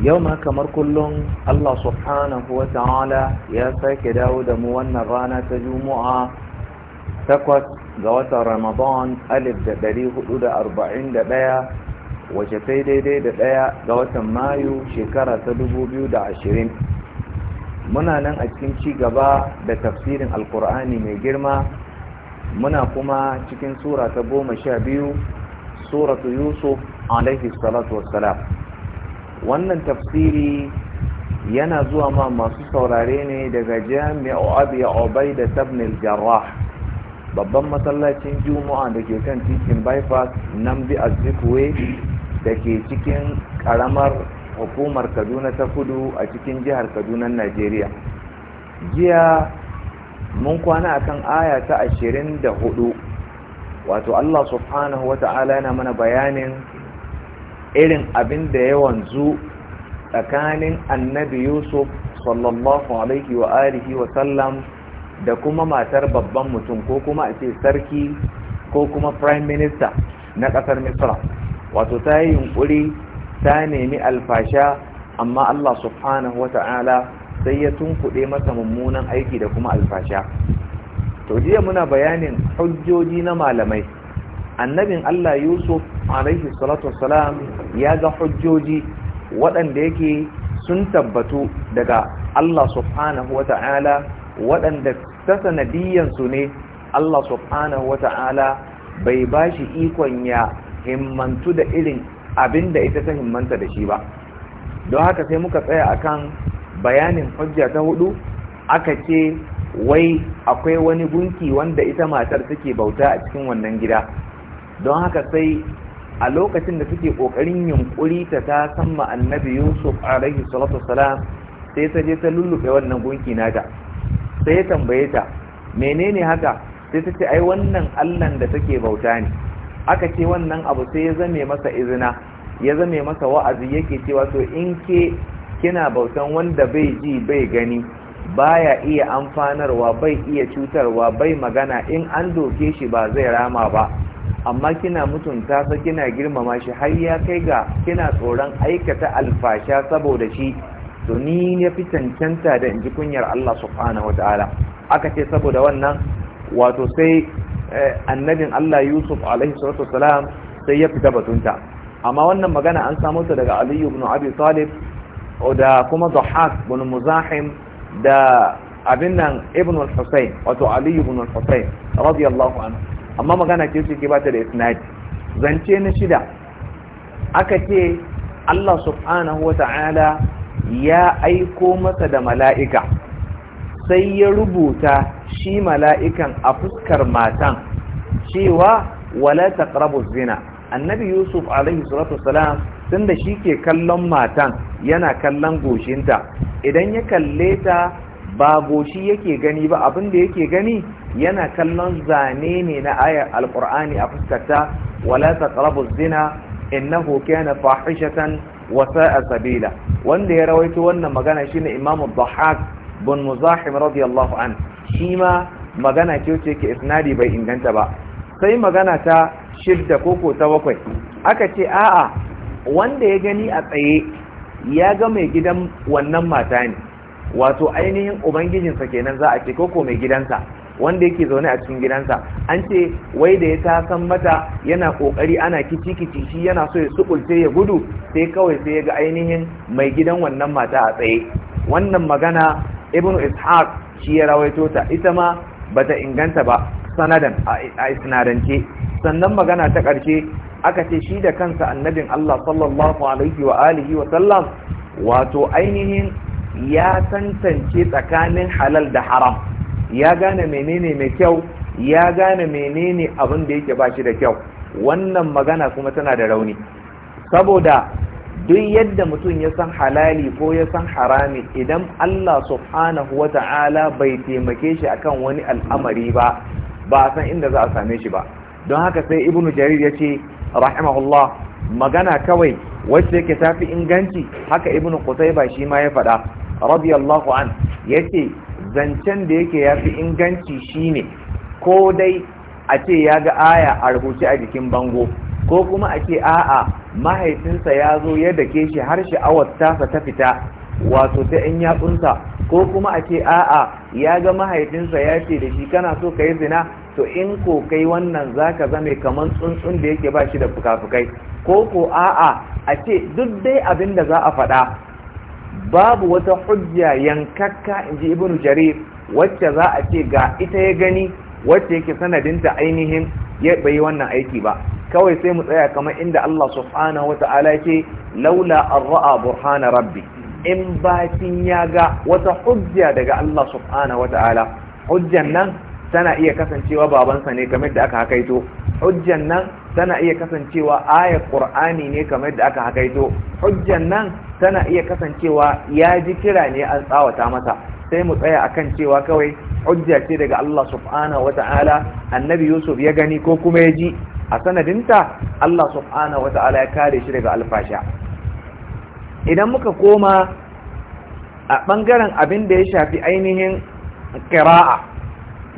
yau ma kamar kullum Allah subhanahu wa ta'ala ya sake dawo da mu wannan rana ta juma'a takwas ga watan ramadan alif da ɗari hudu da arba'in da ɗaya wace sai daidai da ɗaya ga watan mayu shekara ta dubu biyu da ashirin muna nan a cikin ci gaba da tafsirin alkur'ani mai girma muna kuma cikin sura ta goma sha biyu suratu yusuf alaihi salatu wassalam wannan tafsiri yana zuwa ma masu saurare ne daga jami'u abu ya obai da sabnil jarrah babban masallacin juma'a da ke kan titin bypass nan bi azikwe da ke cikin karamar hukumar kaduna ta kudu a cikin jihar kaduna najeriya jiya mun kwana akan aya ta ashirin da hudu wato allah subhanahu wa ta'ala yana mana bayanin irin abin da ya wanzu tsakanin annabi yusuf sallallahu alaihi wa wa sallam da kuma matar babban mutum ko kuma a ce sarki ko kuma prime minister na kasar misra wato ta yi yunkuri ta nemi alfasha amma allah subhanahu wata'ala sai ya tunkuɗe masa mummunan aiki da kuma alfasha to jiya muna bayanin hujjoji na malamai annabin Allah Yusuf alaihi salatu wassalam ya ga hujjoji waɗanda yake sun tabbatu daga Allah subhanahu wata'ala waɗanda ta sanadiyyansu ne Allah subhanahu wata'ala bai ba shi ikon ya himmantu da irin abin da ita ta himmanta da shi ba don haka sai muka tsaya akan bayanin hujja ta hudu aka ce wai akwai wani gunki wanda ita matar take bauta a cikin wannan gida don haka sai a lokacin da suke kokarin yunkuri ta ta san annabi yusuf alaihi salatu salam sai ta je ta lullube wannan gunki nata sai ya tambaye ta menene haka sai ta ce ai wannan allan da take bauta ne aka ce wannan abu sai ya zame masa izina ya zame masa wa'azi yake cewa to in ke kina bautan wanda bai ji bai gani baya iya amfanarwa bai iya cutarwa bai magana in an doke shi ba zai rama ba amma kina mutunta sa kina girmama shi har ya kai ga kina tsoron aikata alfasha saboda shi to ni ya fi cancanta da inji kunyar Allah subhanahu wataala aka ce saboda wannan wato sai eh, annabin Allah Yusuf alaihi salatu wasalam sai ya fita batunta amma wannan magana an samu ta daga Ali ibn Abi Talib da kuma Zuhaq ibn Muzahim da abin nan Ibn al-Husayn wato Ali ibn al-Husayn radiyallahu anhu amma magana ce ke ba ta da isnadi zance na shida aka ce Allah subhanahu wa ta'ala ya aiko masa da mala'ika sai ya rubuta shi mala'ikan a fuskar matan cewa wala taqrabu zina annabi yusuf alaihi salatu wassalam tunda shi ke kallon matan yana kallon goshinta idan ya kalle ta ba goshi yake gani ba abin da yake gani yana kallon zane ne na ayar alkur'ani a fuskarta wala taqrabu zina innahu kana fahishatan wasa a sabila wanda ya rawaito wannan magana shi ne imamu bahak bin muzahim radiyallahu an shi ma magana ce ce ke isnadi bai inganta ba sai magana ta shidda koko ta bakwai aka ce a'a wanda ya gani a tsaye ya ga mai gidan wannan mata ne wato ainihin ubangijinsa kenan za a ce koko mai gidansa wanda yake zaune a cikin gidansa an ce wai da ya ta san mata yana kokari ana kici kici shi yana so ya sukulce ya gudu sai kawai sai ya ga ainihin mai gidan wannan mata a tsaye wannan magana ibn ishaq shi ya rawaito ta ita ma bata inganta ba sanadan a isnadance sannan magana ta karshe aka ce shi da kansa annabin Allah sallallahu alaihi wa alihi wa sallam wato ainihin ya tantance tsakanin halal da haram ya gane menene mai kyau ya gane menene abin da yake bashi da kyau wannan magana kuma tana da rauni saboda duk yadda mutum ya san halali ko ya san harami idan Allah subhanahu wa ta'ala bai taimake shi akan wani al'amari ba ba san inda za a same shi ba don haka sai ibnu jarir ya ce rahimahullah magana kawai wacce yake tafi inganci haka ibnu qutayba shi ma ya faɗa radiyallahu an yace zancen da yake ya fi inganci shine ko dai a ce ya ga aya a rubuce a jikin bango ko kuma a ce a'a mahaifinsa ya zo ya dake shi har sha'awar tasa ta fita wato ta 'yan yatsunsa ko kuma a ce a'a ya ga mahaifinsa ya ce da shi kana so ka yi zina to in ko kai wannan za ka zame kamar tsuntsun da yake ba shi da fukafukai ko ko a'a a ce duk dai abin da za a faɗa babu wata hujja yankakka in ji ibn jarir wacce za a ce ga ita ya gani wacce yake sanadinta ainihin ya bai wannan aiki ba kawai sai mu tsaya kamar inda Allah subhanahu wata'ala ce laula arra'a, ra'a burhana rabbi in bakin ya ga wata hujja daga Allah subhanahu wata'ala hujjan nan tana iya kasancewa babansa ne kamar da aka hakaito hujjan nan tana iya kasancewa ayar ƙur'ani ne kamar da aka hakaito hujjan nan tana iya kasancewa ya ji kira ne an tsawata masa sai mu tsaya akan cewa kawai hujja ce daga Allah subhanahu wata'ala annabi Yusuf ya gani ko kuma ya ji a sanadinta Allah subhanahu wata'ala ya kare shi daga alfasha idan muka koma a ɓangaren abin da ya shafi ainihin ƙira'a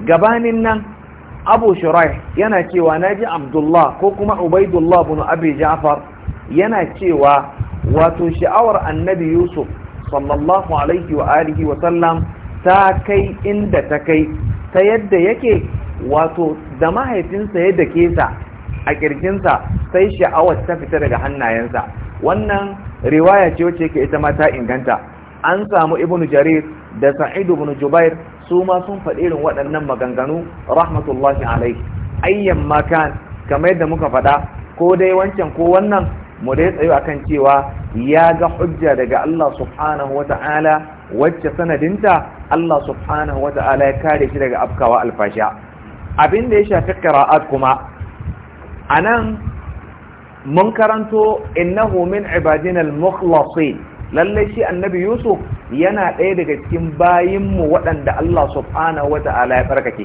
gabanin nan abu shirai yana cewa na ji abdullah ko kuma ubaidullah bin abi ja'far yana cewa wato sha'awar annabi yusuf sallallahu alaihi wa alihi wa sallam ta kai inda ta kai ta yadda yake wato da mahaifinsa ya ke sa a kirjinsa sai sha'awar ta fita daga hannayensa wannan riwaya ce wacce yake ita ma ta inganta an samu ibnu jarir da sa'id ibn jubair su ma sun faɗi irin waɗannan maganganu rahmatullahi alai ayyan makan kamar yadda muka faɗa ko dai wancan ko wannan mu dai tsayo akan cewa ya ga hujja daga Allah subhanahu wa ta'ala wacce sanadinta Allah subhanahu wa ta'ala ya kare shi daga afkawa alfasha abin da ya shafi qira'at kuma anan mun karanto innahu min ibadina al-mukhlasin lallai shi annabi yusuf yana ɗaya daga cikin bayinmu waɗanda allah subhanahu wa ta'ala ya farkake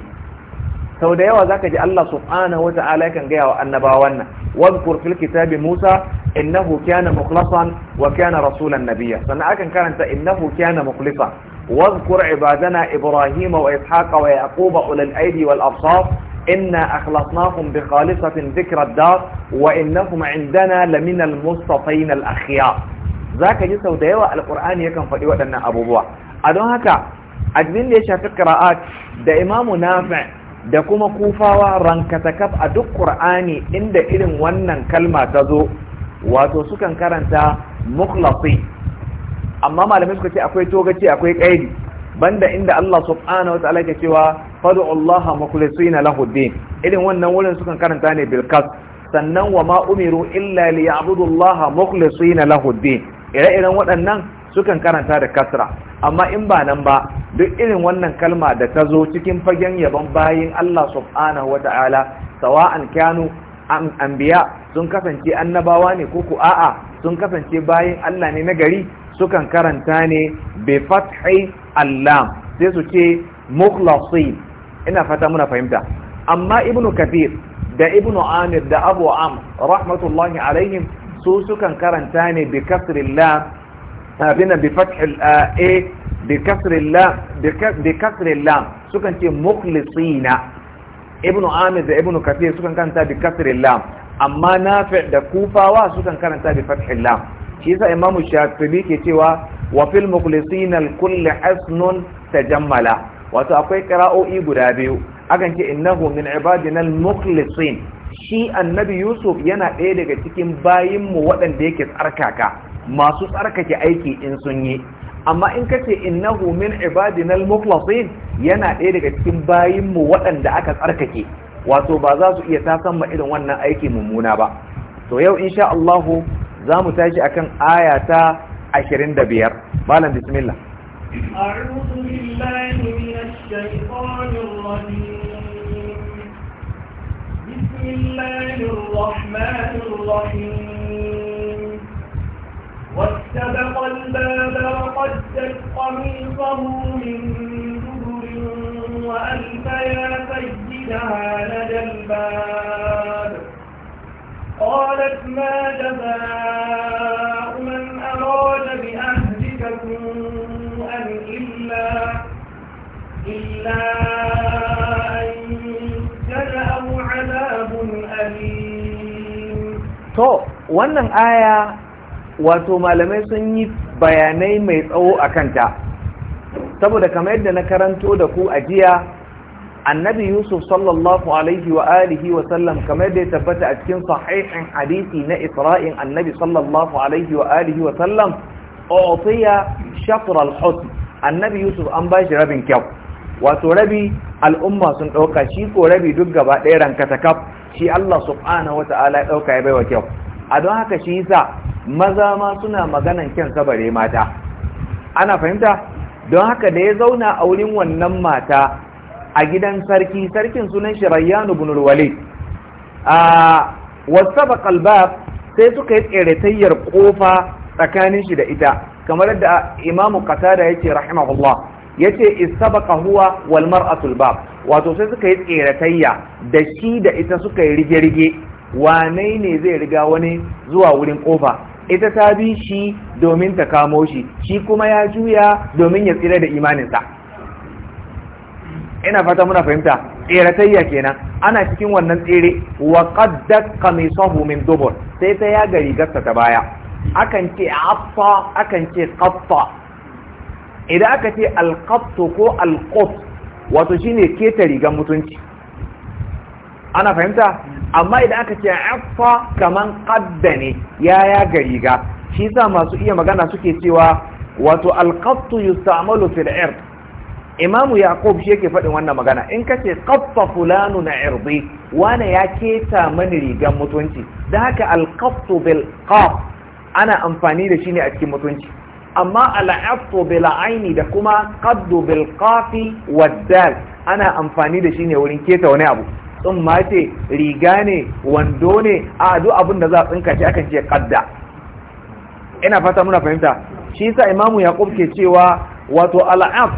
sau da yawa zaka ji allah subhanahu wa ta'ala kan gaya wa annaba wannan wadkur fil kitabi musa innahu kana mukhlasan wa kana rasulan nabiyya sannan akan karanta innahu kana mukhlifa ibadana mukhlisan واذكر عبادنا إبراهيم وإسحاق ويعقوب أولي الأيدي والأبصار إنا أخلصناهم بخالصة ذكر الدار وإنهم عندنا لمن المصطفين الأخيار za ka ji sau da yawa alƙur'ani yakan faɗi waɗannan abubuwa a don haka abin da ya shafi ƙira'at da imamu nafi da kuma kufawa rankatakaf a duk ƙur'ani inda irin wannan kalma ta zo wato sukan karanta mukhlasi amma malamai suka ce akwai togaci akwai ƙaidi banda inda Allah subhanahu wa ta'ala ke cewa fadu Allah mukhlisina lahu din irin wannan wurin sukan karanta ne Bilkas, sannan wa ma umiru illa liya'budu Allah mukhlisina lahu din ire-iren waɗannan sukan karanta da kasra amma in ba nan ba duk irin wannan kalma da ta zo cikin fagen yaban bayin Allah subhanahu wa ta'ala sawa'an kyanu anbiya sun kasance annabawa ne ko ku a'a sun kasance bayin Allah ne na gari sukan karanta ne bi fathi allam sai su ce mukhlasin ina fata muna fahimta amma ibnu Kabir da ibnu amir da abu am rahmatullahi alaihim su sukan karanta ne bi kasrillah abin bi fathil a bi kasrillah sukan ce mukhlisina Ibn amir da Ibn kathir sukan karanta bi kasrillah amma na da kufawa sukan karanta bi fathillah shi yasa imamu shafi'i ke cewa wa fil mukhlisina kulle kulli ta jammala" wato akwai qira'o'i guda biyu akan ce innahu min ibadinal mukhlisin shi annabi yusuf yana ɗaya daga cikin bayinmu waɗanda yake tsarkaka masu tsarkake aiki in sun yi amma in kace innahu min ibadinal al yana ɗaya daga cikin bayinmu waɗanda aka tsarkake wato ba za su iya tasan ma irin wannan aiki mummuna ba to yau insha Allah za mu tashi akan aya ta 25 malam bismillah Malam billahi بسم الله الرحمن الرحيم واستبق الباب وقدت قميصه من دبر وألف يا سيدها لدى الباب قالت ما جزاء من أراد بأهلك سوءا إلا إلا أن to wannan aya wato malamai sun yi bayanai mai tsawo a kanta saboda kamar yadda na karanto da ku a jiya annabi yusuf sallallahu alaihi wa alihi wa sallam kamar yadda ya tabbata a cikin sahihin hadisi na isra'in annabi sallallahu alaihi wa alihi wa sallam utiya shatr al-husn annabi yusuf an bashi rabin kyau wato rabi al'umma sun ɗauka shi ko rabi duk gaba ɗaya rankata kaf shi Allah subhanahu wata'ala ya dauka ya baiwa kyau a don haka shi yasa maza ma suna maganan kyan kabare mata ana fahimta don haka da ya zauna a wurin wannan mata a gidan sarki sarkin sunan shi Rayyan ibn walid a wasabaqa al sai suka yi tseretayyar kofa tsakanin shi da ita kamar da imamu Qatada yake rahimahullah Ya yace istabaqa huwa wal mar'atul bab wato sai suka yi tseratayya da shi da ita suka yi rige-rige wane ne zai riga wani zuwa wurin kofa ita ta bi shi domin ta kamo shi shi kuma ya juya domin ya tsira da imaninsa ina fata muna fahimta tseratayya kenan ana cikin wannan tsere wa mai qamisahu min dubur sai ta yaga rigarsa ta baya akan ce affa akan idan aka ce alkafto ko alƙof, wato shi shine keta rigar mutunci ana fahimta amma idan aka ce afa kaman ƙadda ne ya ya ga riga shi sa masu iya magana suke cewa wato alkafto yustamalu da ard imamu yaqub shi yake faɗin wannan magana in ka ce ƙafa fulanu na irdi wane ya keta mani rigar mutunci da haka alkafto bil ƙaf ana amfani da shi ne a cikin mutunci amma al'aftu bil aini da kuma qaddu bil qafi ana amfani da shi ne wurin keta wani abu tsumma ce riga ne wando ne a duk abin da za a tsinka shi akan ce qadda ina fata muna fahimta shi yasa imamu yaqub ke cewa wato al'af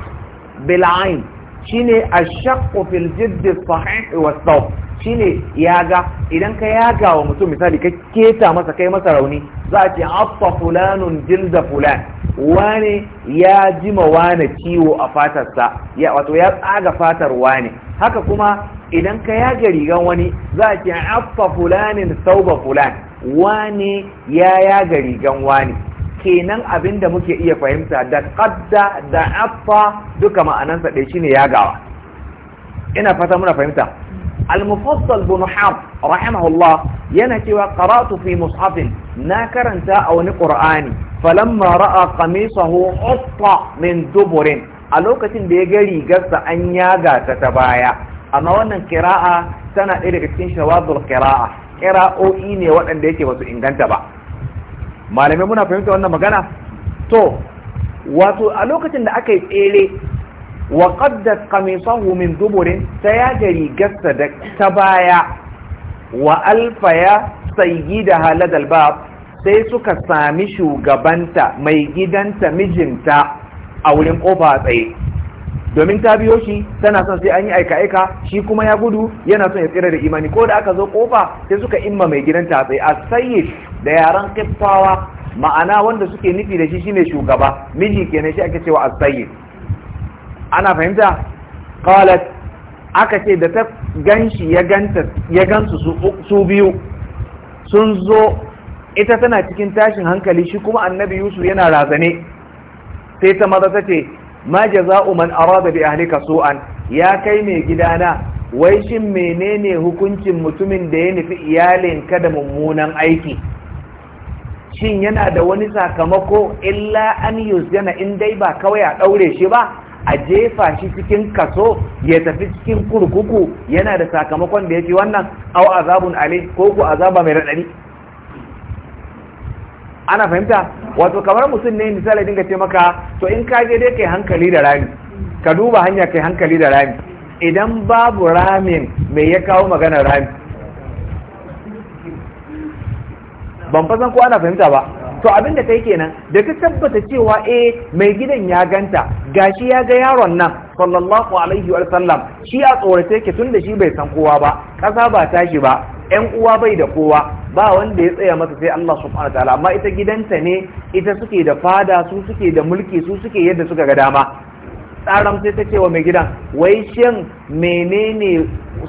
bil ain shine ashaqqu fil jidd sahih wa sawf shine yaga idan ka yaga wa mutum misali ka keta masa kai masa rauni za a ce afta fulanun jilda fulan wane ya jima wane ciwo a fatarsa ya wato ya tsaga fatar wane haka kuma idan ka yaga rigan wani za ki affa fulanin sauba fulan wane ya yaga rigan wani kenan abin da muke iya fahimta da qadda da affa duka ma'anansa ɗaya shine yagawa ina fata muna fahimta al-mufassal bin hab rahimahullah yana cewa qara'tu fi mushafin na karanta a wani qur'ani falamma ra'a qamisahu hutta min duburin a lokacin da ya ga rigarsa an yaga ta ta baya amma wannan qira'a tana ɗaya daga cikin shawadul qira'a kira'o'i ne waɗanda yake basu inganta ba malamai muna fahimta wannan magana to wato a lokacin da aka yi tsere wa da qamisahu min duburin ta yaga rigarsa da ta baya wa ya sayyida haladal bab sai suka sami shugabanta mai gidanta mijinta a wurin kofa tsaye domin ta biyo shi tana son sai an yi aika-aika shi kuma ya gudu yana son ya tsira da imani ko da aka zo kofa sai suka imma mai gidanta tsaye a sayi da yaran kiffawa ma'ana wanda suke nufi da shi shine shugaba miji kenan shi ake cewa a sayi ana fahimta qalat aka ce da ta ganshi ya ganta ya gansu su biyu sun zo ita tana cikin tashin hankali shi kuma annabi yusuf yana razane sai ta maza ta ce ma jaza'u man arada bi ahlika su'an ya kai mai gidana wai shin menene hukuncin mutumin da ya nufi ka da mummunan aiki shin yana da wani sakamako illa an yana in dai ba kawai a daure shi ba a jefa shi cikin kaso ya tafi cikin kurkuku yana da sakamakon da ya ce wannan au azabun ali ko ku azaba mai raɗari ana fahimta wato kamar mutum ne misali dinga ce maka to in ka je dai kai hankali da rami ka duba hanya kai hankali da rami idan babu ramin me ya kawo maganar rami ban fasan ko ana fahimta ba to abin da kai kenan da ka tabbata cewa eh mai gidan ya ganta gashi ya ga yaron nan sallallahu alaihi wa sallam shi a tsorace yake da shi bai san kowa ba Ƙasa ba tashi ba ƴan uwa bai da kowa ba wanda ya tsaya masa sai Allah subhanahu wataala amma ita gidanta ne ita suke da fada su suke da mulki su suke yadda suka ga dama tsaram sai ta ce wa mai gidan wai shin menene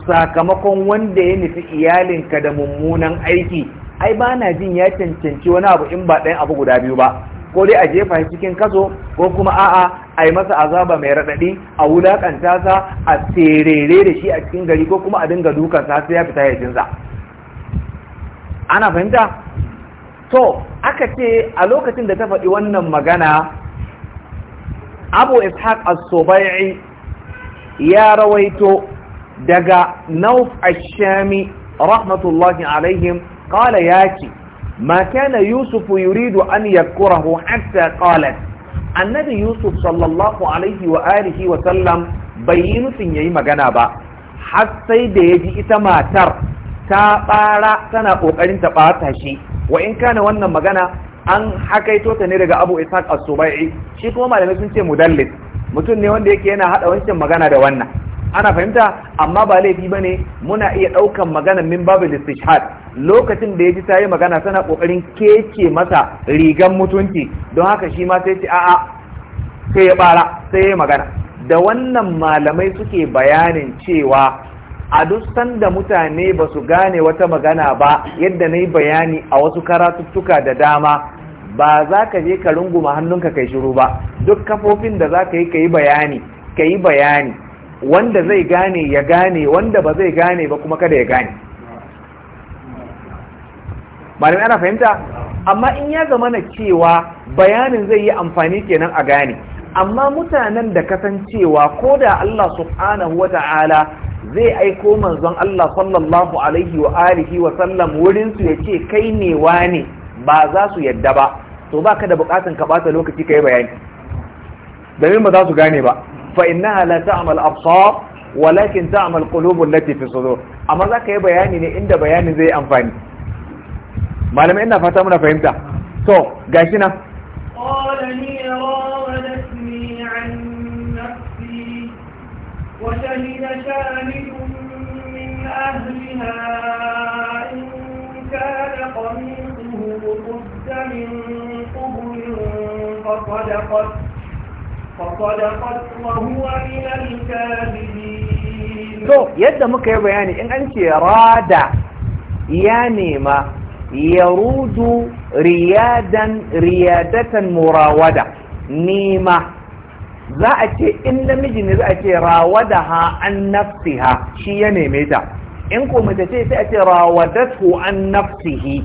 sakamakon wanda ya nufi iyalinka da mummunan aiki ai ba na jin ya cancanci wani abu in ba ɗayan abu guda biyu ba ko dai a jefa shi cikin kaso ko kuma a'a a yi masa azaba mai raɗaɗi a wulaƙanta sa a terere da shi a cikin gari ko kuma a dinga dukan sa sai ya fita ya jinsa ana fahimta to aka ce a lokacin da ta faɗi wannan magana abu ishaq as-subai'i ya rawaito daga nauf ash-shami rahmatullahi alaihim qala yaki ma kana yusuf yuridu an yakurahu hatta qalat annabi yusuf sallallahu alaihi wa alihi wa sallam bai yi nufin yayi magana ba har sai da ya ji ita matar ta bara tana kokarin ta bata shi wa in kana wannan magana an hakaito ta ne daga Abu Ishaq as-Subai'i shi kuma malamai sun ce mudallis mutum ne wanda yake yana hada wancan magana da wannan ana fahimta amma ba laifi ba ne muna iya ɗaukan magana min babu istishhad lokacin da ya ji ta yi magana tana ƙoƙarin keke masa rigan mutunci don haka shi ma sai ce a'a sai ya ɓara sai ya magana da wannan malamai suke bayanin cewa a duk sanda mutane ba su gane wata magana ba yadda na yi bayani a wasu karatuttuka da dama ba za ka je ka runguma hannunka kai shiru ba duk kafofin da za ka yi ka yi bayani ka yi bayani wanda zai gane ya gane wanda ba zai gane ba kuma kada ya gane malamai ana fahimta amma in ya zama na cewa bayanin zai yi amfani kenan a gane amma mutanen da kasancewa ko da Allah subhanahu wa ta'ala zai aiko manzon Allah sallallahu alaihi wa alihi wa sallam wurin su yace kai ne wane ba za su yadda ba to baka da bukatun ka bata lokaci kai bayani domin ba za su gane ba فإنها لا تعمل أبصار ولكن تعمل قلوب التي في صدور أما ذاك بياني يعني عند بياني زي أنفاني ما لم إنا فتمنا فهمتها تو قاشنا قال هي راودتني عن نفسي وشهد شاهد من أهلها إن كان قميصه قد من قبل فصدقت So, yadda muka yi bayani in an ce rada ya nema ya rudu riyadan riyadatan murawada nema za a ce in namiji ne za a ce rawada ha an nafti ha shi ya neme ta in kuma ce sai a ce rawadatu an nafti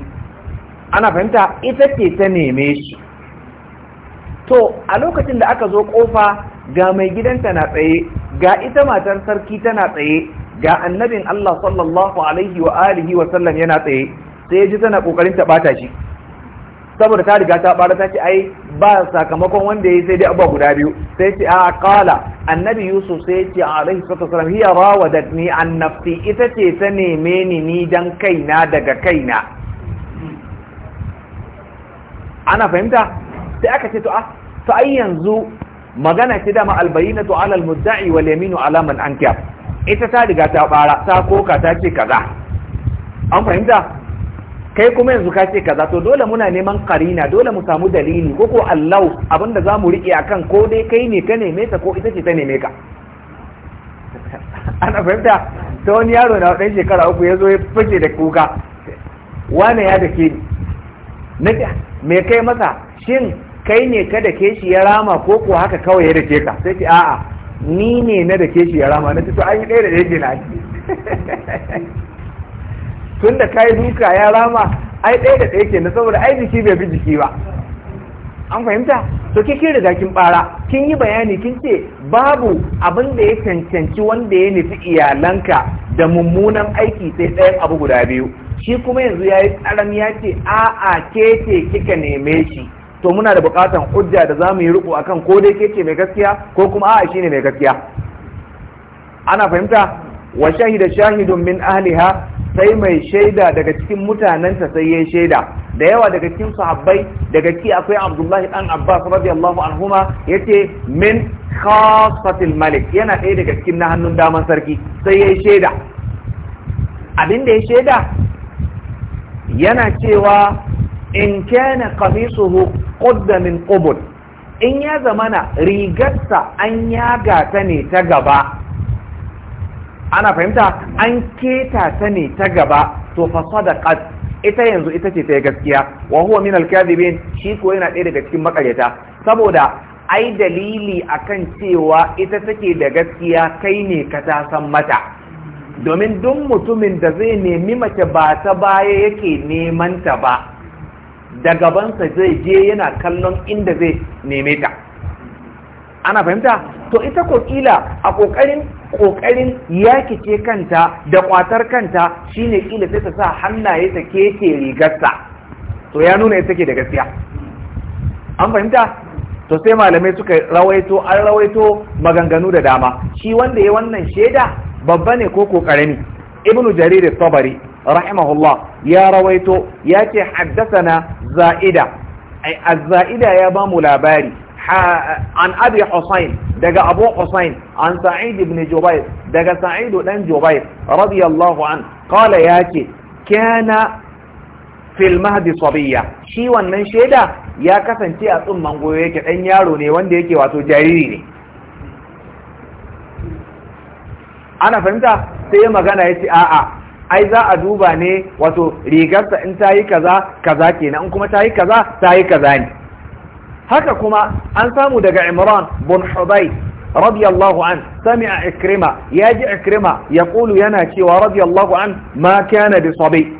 ana fahimta ita ce ta neme shi to a lokacin da aka zo kofa ga mai gidanta na tsaye ga ita matar sarki tana tsaye ga annabin Allah sallallahu alaihi wa alihi wa sallam yana tsaye sai ya ji tana kokarin ta bata shi saboda ta riga ta bara ta ce ai ba sakamakon wanda ya sai dai abba guda biyu sai ce a qala annabi yusuf sai ce alaihi sallatu wasallam hiya rawadatni an nafsi ita ce ta neme ni ni dan kaina daga kaina ana fahimta sai aka ce to a ah, to ai yanzu magana ce dama to ala almudda'i wal yaminu ala man anka ita ta riga ta bara ta koka ta ce kaza an fahimta kai kuma yanzu ka ce kaza to dole muna neman karina dole mu samu dalili ko ko Allah abinda zamu rike akan ko dai kai ne ka neme ta ko ita ce ta neme ka ana fahimta ta wani yaro na ɗan shekara uku ya zo ya fice da kuka wane ya dake ni me kai masa shin kai ne ka da ke shi ya rama ko ko haka kawai ya ke ka sai ce a'a ni ne na da ke shi ya rama na to an yi ɗaya da ɗaya ake. tun da kai duka ya rama ai ɗaya da ɗaya ke na saboda ai jiki bai bi jiki ba an fahimta to ke riga kin bara kin yi bayani kin ce babu abin da ya cancanci wanda ya nufi iyalanka da mummunan aiki sai ɗayan abu guda biyu shi kuma yanzu ya yi tsaram ya ce a'a ke ce kika neme shi to muna da bukatan hujja da za mu yi riko akan ko dai ke ce mai gaskiya ko kuma a'a shine mai gaskiya ana fahimta wa shahida shahidun min ahliha sai mai shaida daga cikin mutanenta sai yayin shaida da yawa daga cikin sahabbai daga ki akwai Abdullahi dan Abbas radiyallahu anhuma yace min khasatil malik yana ɗaya daga cikin na hannun daman sarki sai yayin shaida abin da ya shaida yana cewa in kana qamisuhu qudda min qubul in ya zamana rigarsa an yaga ta ne ta gaba ana fahimta an keta ta ne ta gaba to fa sadaqat ita yanzu ita ce ta gaskiya wa huwa min al shi ko yana ɗaya daga cikin makaryata saboda ai dalili akan cewa ita take da gaskiya kai ne ka ta san mata domin duk mutumin da zai nemi mace ba ta baya yake neman ta ba da gabansa zai je yana kallon inda zai neme ta ana fahimta to ita ko kila a kokarin kokarin ke kanta da kwatar kanta shine kila sai ta sa hannaye ta keke rigarsa to ya nuna ita take da gaskiya an fahimta to sai malamai suka rawaito an rawaito maganganu da dama shi wanda ya wannan shaida babba ne ko ko ibnu jarir at-tabari rahimahullah ya rawaito haddasa na. Azaida ya bamu labari an abi husayn daga abu husayn an sa'id ibn jubair daga sa'id dan jubair radiyallahu an qala yake kana fil mahdi sabiya shi wannan shaida ya kasance a tsumman goyo yake dan yaro ne wanda yake wato jariri ne ana fahimta sai magana yace a'a ai za a duba ne wato rigarsa in ta yi kaza kaza kenan in kuma ta yi kaza ta yi kaza ne haka kuma an samu daga imran bin hudai radiyallahu an sami'a ikrima ya ji ikrima ya kulu yana cewa radiyallahu an ma kana bi sabi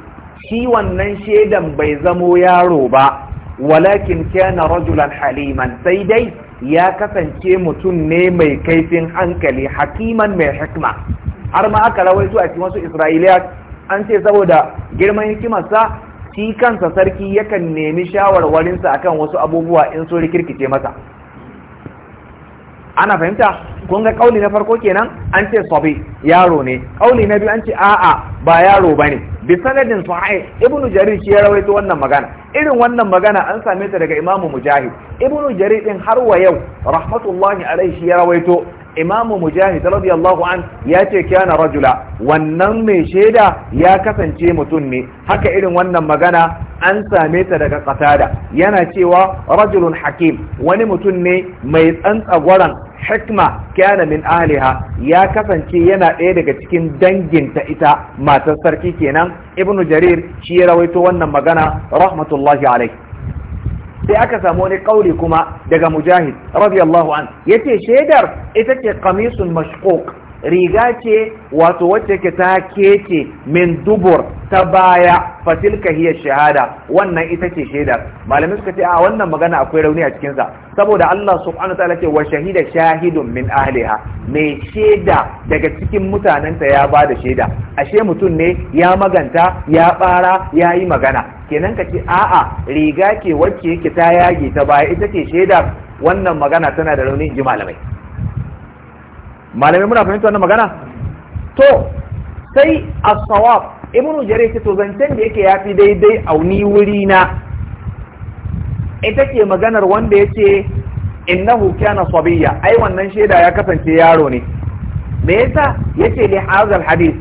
shi wannan shaidan bai zamo yaro ba walakin kana rajulan haliman sai dai ya kasance mutum ne mai kaifin hankali hakiman mai hikma har ma aka rawaito a cikin wasu isra'iliya an ce saboda girman hikimarsa shi kansa sarki yakan nemi shawarwarinsa akan wasu abubuwa in so rikirkice masa ana fahimta kun ga kauli na farko kenan an ce sabi yaro ne kauli na biyu an ce a'a ba yaro bane bi sanadin sahih ibnu jarir shi ya rawaito wannan magana irin wannan magana an same ta daga imamu mujahid ibnu jarir din har wa yau rahmatullahi alaihi shi ya rawaito imamu mujahid radiyallahu an ya ce kyana rajula wannan mai shaida ya kasance mutum ne haka irin wannan magana an same ta daga qatada yana cewa rajulun hakim wani mutum ne mai tsantsagwaran hikma kyana min ahliha ya kasance yana ɗaya daga cikin danginta ita matar sarki kenan ibnu jarir shi ya rawaito wannan magana rahmatullahi alaihi sai aka samu wani kauli kuma daga mujahid radiyallahu an yace shaidar ita ce qamisun mashquq riga ce wato wacce ke ta kece min dubur ta baya fasilka hiya shahada wannan ita ce shaidar malamin suka ce a wannan magana akwai rauni a cikin sa saboda Allah subhanahu wataala ce wa shahida shahidun min ahliha mai shaida daga cikin mutanenta ya bada shaida ashe mutum ne ya maganta ya bara ya yi magana kenan ka ce a'a riga ke wacce yake ta yage ta baya ita ce shaidar wannan magana tana da rauni in ji malamai malamai muna fahimta wannan magana to sai asawab sawab ibnu jarir ce to zancen da yake yafi daidai auni wuri na ita ke maganar wanda yace innahu kana sabiyya ai wannan shaida ya kasance yaro ne me yasa yace li hadha al-hadith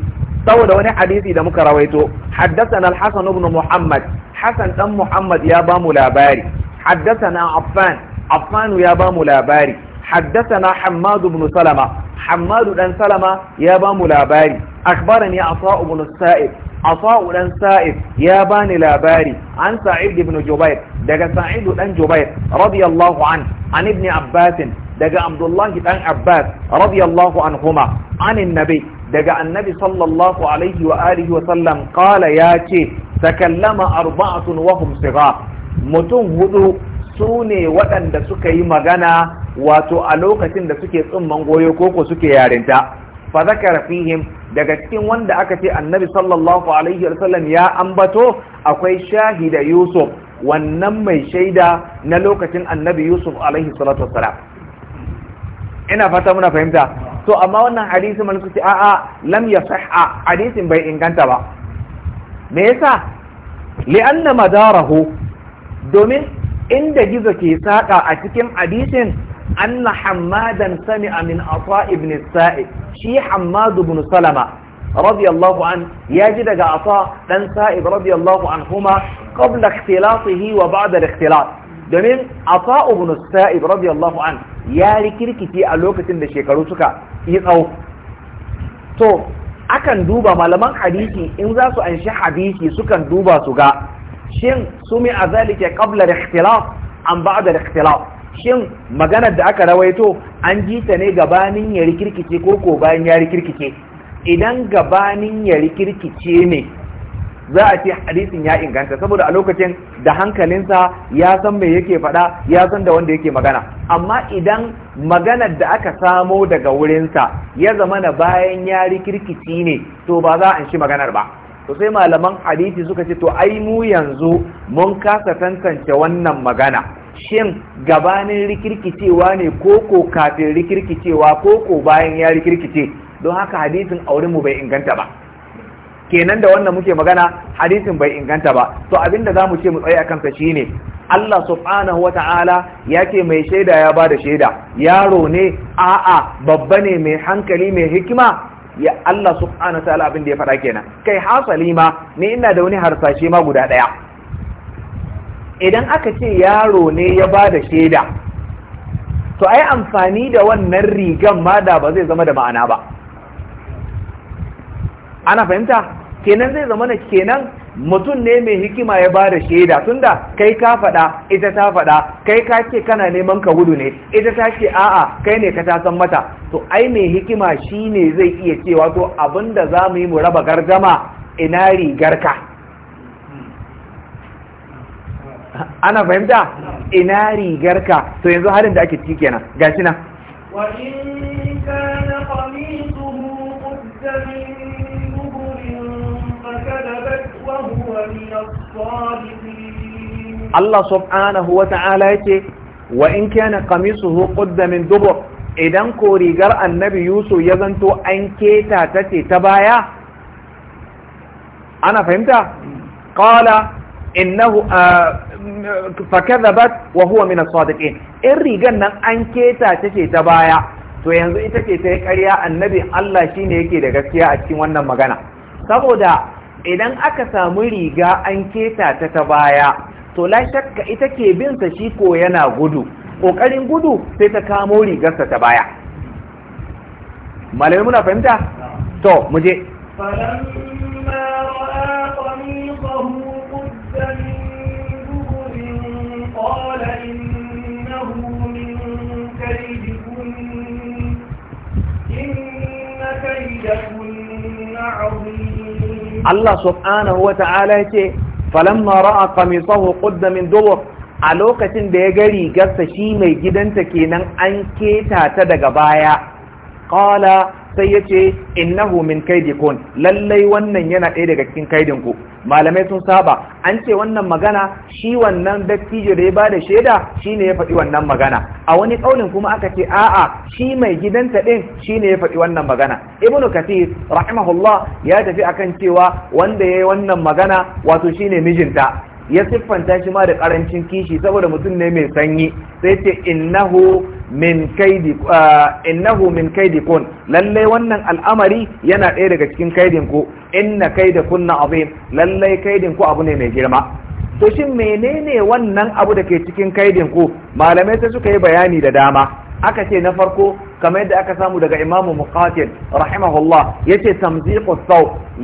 saboda wani hadisi da muka rawaito haddathana al-hasan ibn muhammad hasan dan muhammad ya bamu labari haddathana affan affan ya bamu labari na hammad ibn salama hammadu dan salama ya ba mu labari akbarani asa ibn sa'id asa dan sa'id ya bani labari an sa'id ibn jubair daga sa'idu dan jubair radiyallahu an an ibn abbas daga abdullahi dan abbas radiyallahu anhuma anin nabi daga annabi sallallahu alaihi wa alihi wa sallam qala yace takallama arba'atun wa hum sighar mutum hudu su ne waɗanda suka yi magana wato a lokacin da suke tsumman goyo koko suke yarinta fa zakara fihim daga cikin wanda aka ce annabi sallallahu alaihi wasallam ya ambato akwai shahida yusuf wannan mai shaida na lokacin annabi yusuf alaihi salatu wassalam ina fata muna fahimta to amma wannan hadisi man suke a'a lam yasihha hadisin bai inganta ba me yasa li'anna madarahu domin inda gizo ke saƙa a cikin hadisin anna hammadan sami'a min asa ibn sa'id shi hammadu ibn salama radiyallahu an ya ji daga asa dan sa'id radiyallahu anhuma qabla ikhtilafihi wa ba'da ikhtilaf domin asa ibn sa'id radiyallahu an ya rikirkice a lokacin da shekaru suka yi tsawo to akan duba malaman hadisi in za su anshi hadisi sukan duba su ga shin sumi'a a zalike al-ikhtilaf an ba'da da ikhtilaf shin maganar da aka rawaito an ji ta ne gabanin ya rikirkice ko ko bayan ya rikirkice idan gabanin ya rikirkice ne za a ce hadisin ya inganta saboda a lokacin da hankalinsa ya san mai yake faɗa ya san da wanda yake magana amma idan maganar da aka samo daga wurinsa ya zama na bayan ya rikirkici ne to ba za a shi maganar ba to sai malaman hadisi suka ce to ai mu yanzu mun kasa tantance wannan magana shin gabanin rikirkicewa ne koko kafin rikirkicewa koko bayan ya rikirkice don haka hadisin auren mu bai inganta ba kenan da wannan muke magana hadisin bai inganta ba to abinda za mu ce mu tsaye a kansa shine Allah subhanahu wa ta'ala ya ce mai shaida ya ba da shaida yaro ne a'a babba ne mai hankali mai hikima ya Allah subhanahu wa ta'ala abin da ya faɗa kenan kai hasali ma ni ina da wani harsashe ma guda ɗaya idan aka ce yaro ne ya ba da shaida to ai amfani da wannan rigan ma da ba zai zama da ma'ana ba ana fahimta kenan zai zama na kenan mutum ne mai hikima ya bada shaida tunda kai ka faɗa ita ta faɗa kai ka ce kana neman ka gudu ne ita ta ce a'a kai ne ka ta san mata to ai mai hikima shi ne zai iya cewa to da za mu yi mu raba gargama ina rigarka ana fahimta ina rigarka to yanzu halin da ake ciki kenan gashi nan wa in kana qamisuhu qaddami allah subhanahu الله سبحانه وتعالى يتي وإن كان قميصه قد من دبر idan ko rigar annabi yusuf ya zanto an keta ta ce ta baya ana fahimta qala innahu ah, fakadhabat wa huwa min as in rigar nan an keta ta ce ta baya to yanzu ita ce ta yi ƙarya annabi Allah shi ne yake da gaskiya a cikin wannan magana saboda idan aka samu riga an keta ta ta baya to la shakka ita ke binsa shi ko yana gudu ƙoƙarin gudu sai ta kamo rigarsa ta baya Malami muna fahimta to mu je Allah subhanahu wa ta'ala ce falamma ra'a qamisahu qudda min dubur a lokacin da ya ga rigarsa shi mai gidanta kenan an keta ta daga baya qala sai yace innahu min kaidikun lallai wannan yana ɗaya daga cikin kaidinku malamai sun saba an ce wannan magana shi wannan dattijo da ya ba da shaida shi ne ya faɗi wannan magana a wani ƙaunin kuma aka ce a'a shi mai gidanta ɗin shi ne ya faɗi wannan magana ibnu kathir rahimahullah ya tafi akan cewa wanda ya yi wannan magana wato shi ne mijinta ya siffanta shi ma da karancin kishi saboda mutum ne mai sanyi sai ce innahu min kaidi ah, innahu min kaidi kun lalle wannan al'amari yana ɗaya daga cikin kaidin ku inna kaida kunna azim lalle kaidin ku abu ne mai girma to shin menene wannan abu da ke cikin kaidin ku malamai sai suka yi bayani da dama aka ce na farko kamar yadda aka samu daga imamu muqatil rahimahullah yace tamziqu saw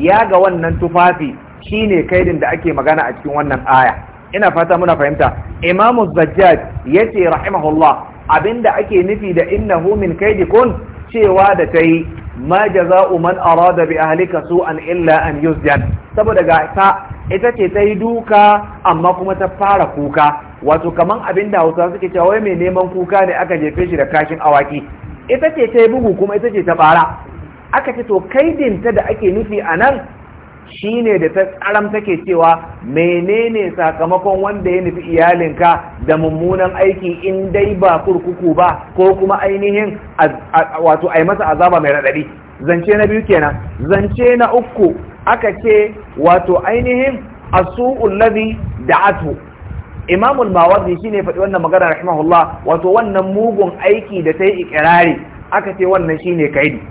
ya ga wannan tufafi shine kaidin da ake magana a cikin wannan aya ina fata muna fahimta imamu zajjaj yace rahimahullah Abin da ake nufi da innahu min kaidi kun? cewa da ta yi ma jaza'u man arada bi ahlika su'an illa an yuzjan saboda ga ta ita ce ta duka amma kuma ta fara kuka wato kaman abin da Hausa suke cewa wai mai neman kuka ne aka jefe shi da kashin awaki ita ce ta bugu kuma ita ce ta fara. aka ce to kaidinta da ake nufi anan? shine da ta tsaram take cewa menene sakamakon wanda ya nufi iyalinka da mummunan aiki in dai ba kurkuku ba ko kuma ainihin wato masa azaba mai raɗaɗi? zance na biyu kenan zance na uku aka ce wato ainihin asu'ul ladhi da'atu imamul mawardi shine faɗi wannan magana rahimahullah wato wannan mugun aiki da ta yi ikirari aka ce wannan shine kaidi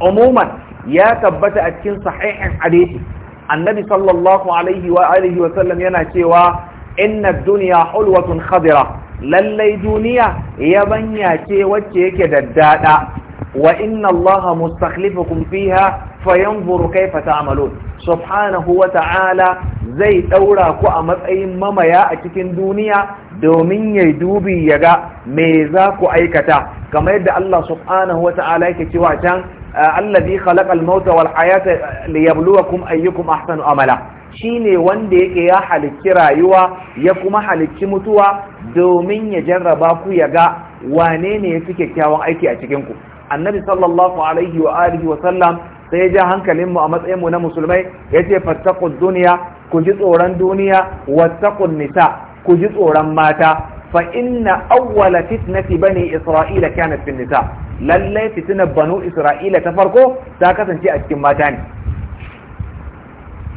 umuman ya tabbata a cikin sahihin hadisi annabi sallallahu alaihi wa alihi wa sallam yana cewa inna dunya hulwatun khadira lallai duniya ya banya ce wacce yake daddada wa inna allaha mustakhlifukum fiha fayanzuru kaifa ta'malun subhanahu wa ta'ala zai daura ku a matsayin mamaya a cikin duniya domin ya dubi ya ga me za ku aikata kamar yadda Allah subhanahu wa ta'ala yake cewa can allazi khalaqal mauta wal hayata liyabluwakum ayyukum ahsanu amala shine wanda yake ya halicci rayuwa ya kuma halicci mutuwa domin ya jarraba ku ya ga wane ne yafi kyakkyawan aiki a cikin ku annabi sallallahu alaihi wa alihi wa sallam sai ya ja hankalin mu a matsayin mu na musulmai yace fattaqud dunya ku ji tsoron duniya wattaqun nisa ku ji tsoron mata فإن أول فتنة بني إسرائيل كانت في النساء للي فتنة بنو إسرائيل تفرقوا تاكسا شيء أتكما تاني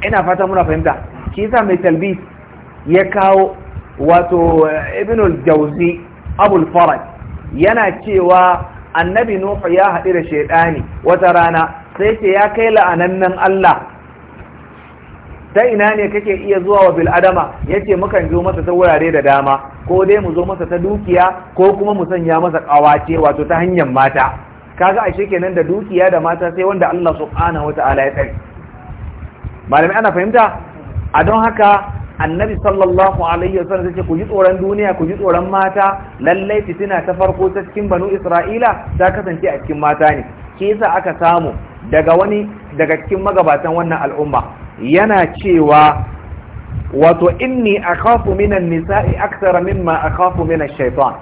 إنا فاتمنا فهمتا كيسا من تلبيس يكاو واتو ابن الجوزي أبو الفرج yana cewa annabi Nuhu ya haɗu da shaidani wata rana sai ce ya kai la'anannan Allah ta ina ne kake iya zuwa wa bil'adama ya ce mukan zo masa ta wurare da dama ko dai mu zo masa ta dukiya ko kuma mu sanya masa kawace wato ta hanyar mata Ka ga ashe kenan da dukiya da mata sai wanda Allah subhanahu ta'ala ya tsare malami ana fahimta a don haka annabi sallallahu alaihi wa sallam ce ku ji tsoron duniya ku ji tsoron mata lallai fitina ta farko ta cikin banu isra'ila ta kasance a cikin mata ne ke yasa aka samu daga wani daga cikin magabatan wannan al'umma yana cewa wato inni kafu minan nisa'i aksara mimma akhafu min minan shaytan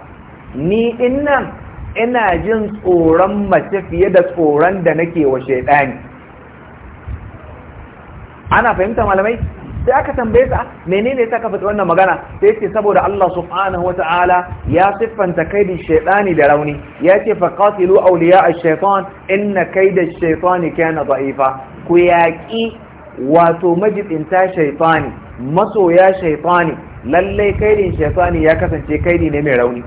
ni innan ina jin tsoron mace fiye da tsoron da nake wa shaiɗani, ana fahimta malamai sai aka tambaye ta menene yasa ka wannan magana sai yace saboda Allah subhanahu wataala ya siffanta kaidi shaiɗani da rauni yace fa qatilu awliya ash-shaytan inna kaida ash-shaytani kana da'ifa ku yaqi wato majibinta shaifani masoya shaifani lallai kaidin shaifani ya kasance kaidi ne mai rauni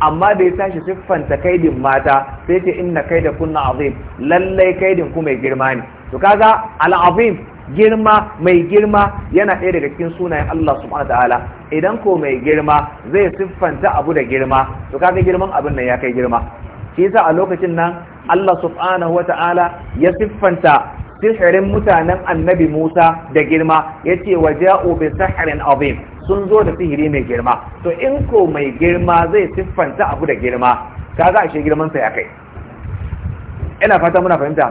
amma bai sashi tashi siffanta kaidin mata sai ce inna kaida kunna azim lallai kaidin ku mai girma ne to kaga al'azim girma mai girma yana ɗaya daga cikin sunayen Allah subhanahu ta'ala idan ko mai girma zai siffanta abu da girma to kaga girman abin nan ya kai girma shi yasa a lokacin nan Allah subhanahu ta'ala ya siffanta sihirin mutanen annabi Musa da girma ya ce wa ja’o bi sahirin abin sun zo da sihiri mai girma to in ko mai girma zai siffanta abu da girma kaga shi girman sa ya kai ina fata muna fahimta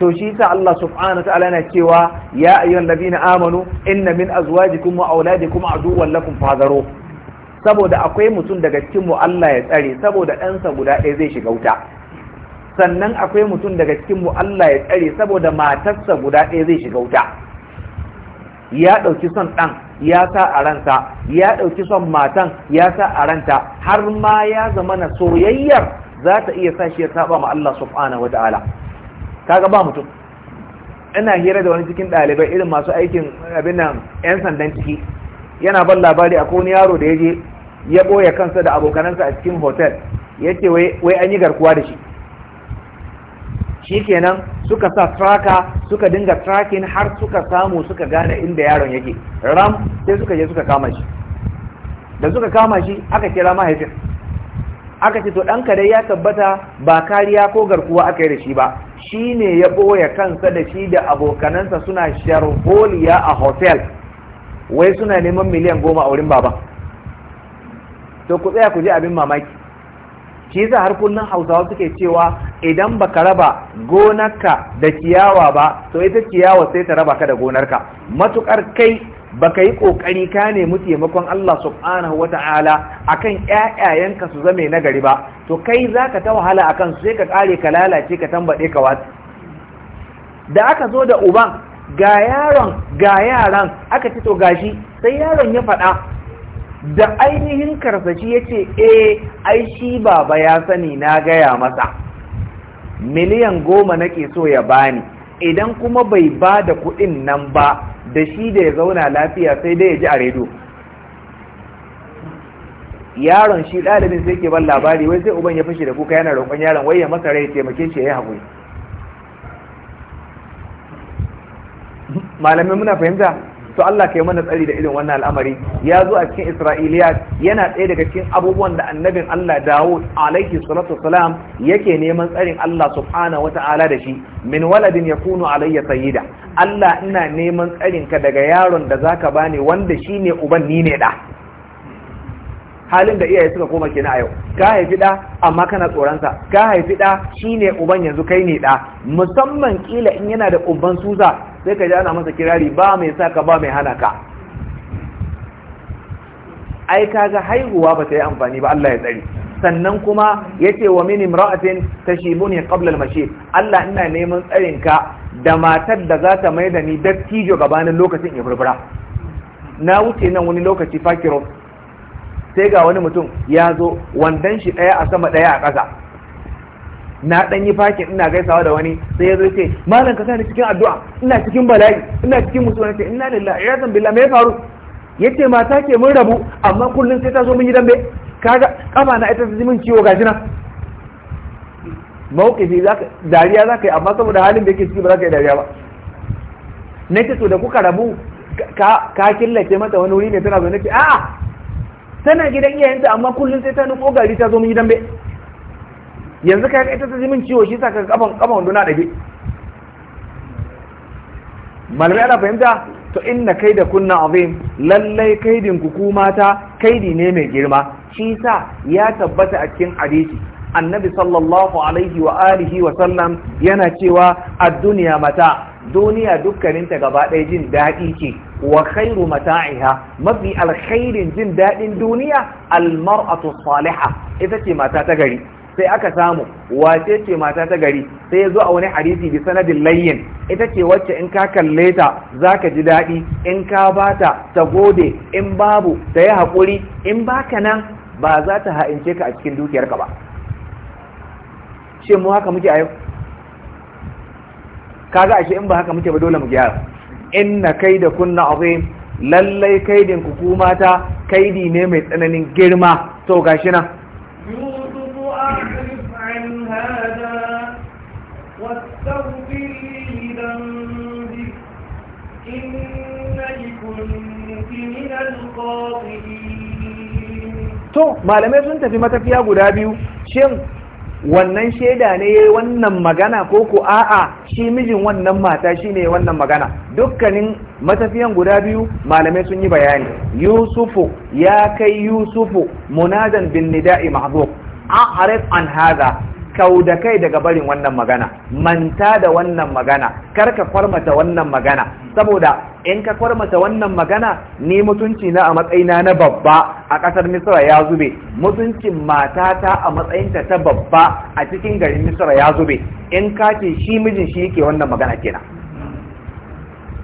to shi sa Allah subhanahu wa ta'ala yana cewa ya ayyuhal ladina amanu inna min azwajikum wa auladikum aduwwan lakum fazaru saboda akwai mutum daga cikin mu Allah ya tsare saboda ɗansa guda ɗaya zai shiga wuta sannan akwai mutum daga cikin mu Allah ya tsare saboda matarsa guda ɗaya zai shiga wuta ya ɗauki son ɗan ya sa a ransa ya ɗauki son matan ya sa a ranta har ma ya zama na soyayyar za ta iya sa shi ya saba ma Allah subhanahu wata'ala kaga ba mutum ina hira da wani cikin ɗalibai irin masu aikin abin nan 'yan sandan ciki yana ban labari a wani yaro da ya je ya ɓoye kansa da abokanansa a cikin hotel ya ce wai an yi garkuwa da shi shikenan suka sa traka suka dinga tracking har suka samu suka gane inda yaron yake ram sai suka je suka kama shi da suka kama shi aka kira mahaifin aka ce to ɗanka dai ya tabbata ba kariya ko garkuwa aka yi da shi ba shi ne ya ɓoye kansa da shi da abokanansa suna sharholiya a hotel wai suna neman miliyan goma a wurin baban to ku tsaya ku ji abin mamaki shi yasa har kullun hausawa suke cewa idan baka raba gonarka da ciyawa ba to ita ciyawa sai ta raba ka da gonarka matukar kai baka yi kokari ka nemi taimakon Allah subhanahu ta'ala akan ƴaƴayenka su zame nagari ba to kai zaka ta wahala akan su sai ka kare ka lalace ka tambade ka wasu. da aka zo da uban ga yaron ga yaran aka ci to gashi sai yaron ya faɗa da ainihin karsashi ya ce e ai shi baba ya sani na gaya masa miliyan goma nake so ya bani idan kuma bai ba da kuɗin nan ba da shi da ya zauna lafiya sai dai ya ji a redo yaron shi ɗalibin sai ke ban labari wai sai uban ya fashe da kuka yana roƙon yaron wai ya masa rai taimake shi ya yi haƙuri malamin muna fahimta to Allah ka yi mana tsari da irin wannan al'amari ya zo a cikin Isra'iliya yana ɗaya daga cikin abubuwan da annabin Allah Dawud alaihi salatu wassalam yake neman tsarin Allah Subhana wa Ta'ala da shi min waladin ya kunu alayya sayyida Allah ina neman tsarin ka daga yaron da zaka bani wanda shi ne uban ni ne da halin da iyaye suka koma kenan a yau ka haifi da amma kana tsoronsa ka haifi da shine uban yanzu kai ne da musamman kila in yana da uban suza sai ka ji ana masa kirari ba mai sa ka ba mai hana ka ai kaga haihuwa ba ta yi amfani ba Allah ya tsari sannan kuma yace wa min imra'atin tashibuni qabla al-mashi Allah ina neman tsarin ka da matar da za ta mai da ni dattijo gabanin lokacin ibribra na wuce nan wani lokaci fakiro sai ga wani mutum ya zo wandan shi daya a sama ɗaya a ƙasa na dan yi fakin ina gaisawa da wani sai ya zo ce malam ka sani cikin addu'a ina cikin bala'i ina cikin wani ce ina lillahi ya zan billah me ya faru mata ke mun rabu amma kullum sai ta zo mun yi dambe kaga kafa na ita ta ji min ciwo gashi na mawkifi dariya za ka yi amma saboda halin da yake ciki ba za ka yi dariya ba Na ce to da kuka rabu ka killace mata wani wuri ne tana zo ce a'a tana gidan iyayenta amma kullum sai ta nufo gari ta zo mun yi dambe yanzu ka ita ta zimin ciwo shi sa ka kafan kafan wando na ɗage malamai ana fahimta to inna kai da kunna azim lallai kaidin ku mata kaidi ne mai girma shi sa ya tabbata a cikin hadisi annabi sallallahu alaihi wa alihi wa sallam yana cewa ad-dunya mata duniya dukkaninta gaba ɗaya jin daɗi ce wa khairu mata'iha mafi alkhairin jin daɗin duniya almar'atu salihah ita ce mata ta gari sai aka samu wace ce mata ta gari sai ya zo a wani hadisi bi sanadin layyin ita ce wacce in ka kalle ta za ka ji daɗi in ka bata ta gode in babu ta yi haƙuri in baka nan ba za ta ha'ince ka a cikin dukiyarka ba shin mu haka muke a yau kaga ashe in ba haka muke ba dole mu gyara inna da kunna azim lallai kaidin ku mata kaidi ne mai tsananin girma to gashi nan to malamai sun tafi matafiya guda biyu shin wannan shaida ne yi wannan magana ko ku a'a shi mijin wannan mata shi ne wannan magana dukkanin matafiyan guda biyu malamai sun yi bayani yusufu ya kai yusufu munadan bin nida'i mahzuf a'rif an hadha kau da kai daga barin wannan magana manta da wannan magana karka kwarmata wannan magana saboda in ka kwarmata wannan magana ni mutunci na a matsayina na babba a ƙasar misra ya zube mutuncin matata a matsayinta ta babba a cikin garin misra ya zube in ka ce shi mijin shi yake wannan magana kenan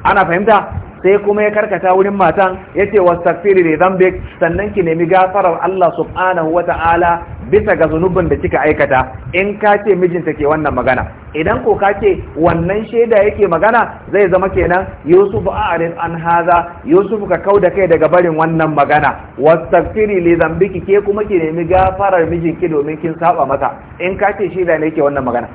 ana fahimta sai kuma ya karkata wurin matan ya ce wastagfiri da zambik sannan ki nemi gafarar Allah subhanahu wa ta'ala bisa ga zunubin da kika aikata in ka ce mijinta ke wannan magana idan ko kace wannan shaida yake magana zai zama kenan yusuf a'rid an haza yusuf ka da kai daga barin wannan magana wastaghfiri li zambiki ke kuma ki nemi gafarar mijinki domin kin saba masa in kace shaida ne yake wannan magana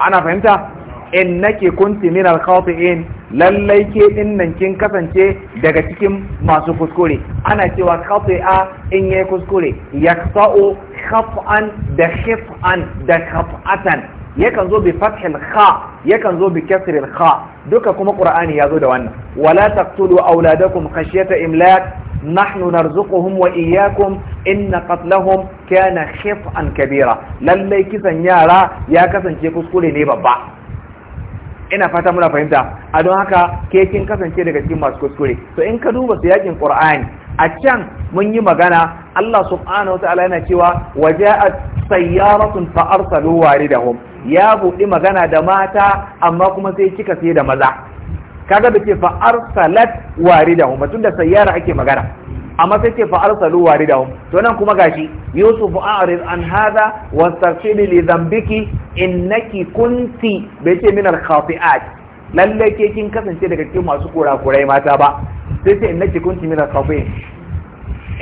ana fahimta nake kunti min al-khati'in lallai ke dinnan kin kasance daga cikin masu kuskure ana cewa khati'a in yayi kuskure yaqta'u khaf'an da khif'an da khat'atan yakan zo bi fathil kha yakan zo bi kasril kha duka kuma qur'ani ya zo da wannan wala taqtulu auladakum khashyata imlak nahnu narzuquhum wa iyyakum inna qatlahum kana khif'an kabira lallai kisan yara ya kasance kuskure ne babba ina fata muna fahimta a don haka ke kin kasance daga cikin masu kuskure to in ka duba su yakin qur'ani a can mun yi magana Allah subhanahu wa ta'ala yana cewa waja'at sayyaratun fa arsalu waridahum ya buɗi magana da mata amma kuma sai kika sai da maza kaga da ke fa arsalat waridahum tunda sayyara ake magana amma sai ce fa arsalu waridahum to nan kuma gashi yusuf a'rid an hadha wastaghfir li dhanbiki innaki kunti bai ce min al-khati'at lalle ke kin kasance daga cikin masu kurakurai mata ba sai ce innaki kunti min al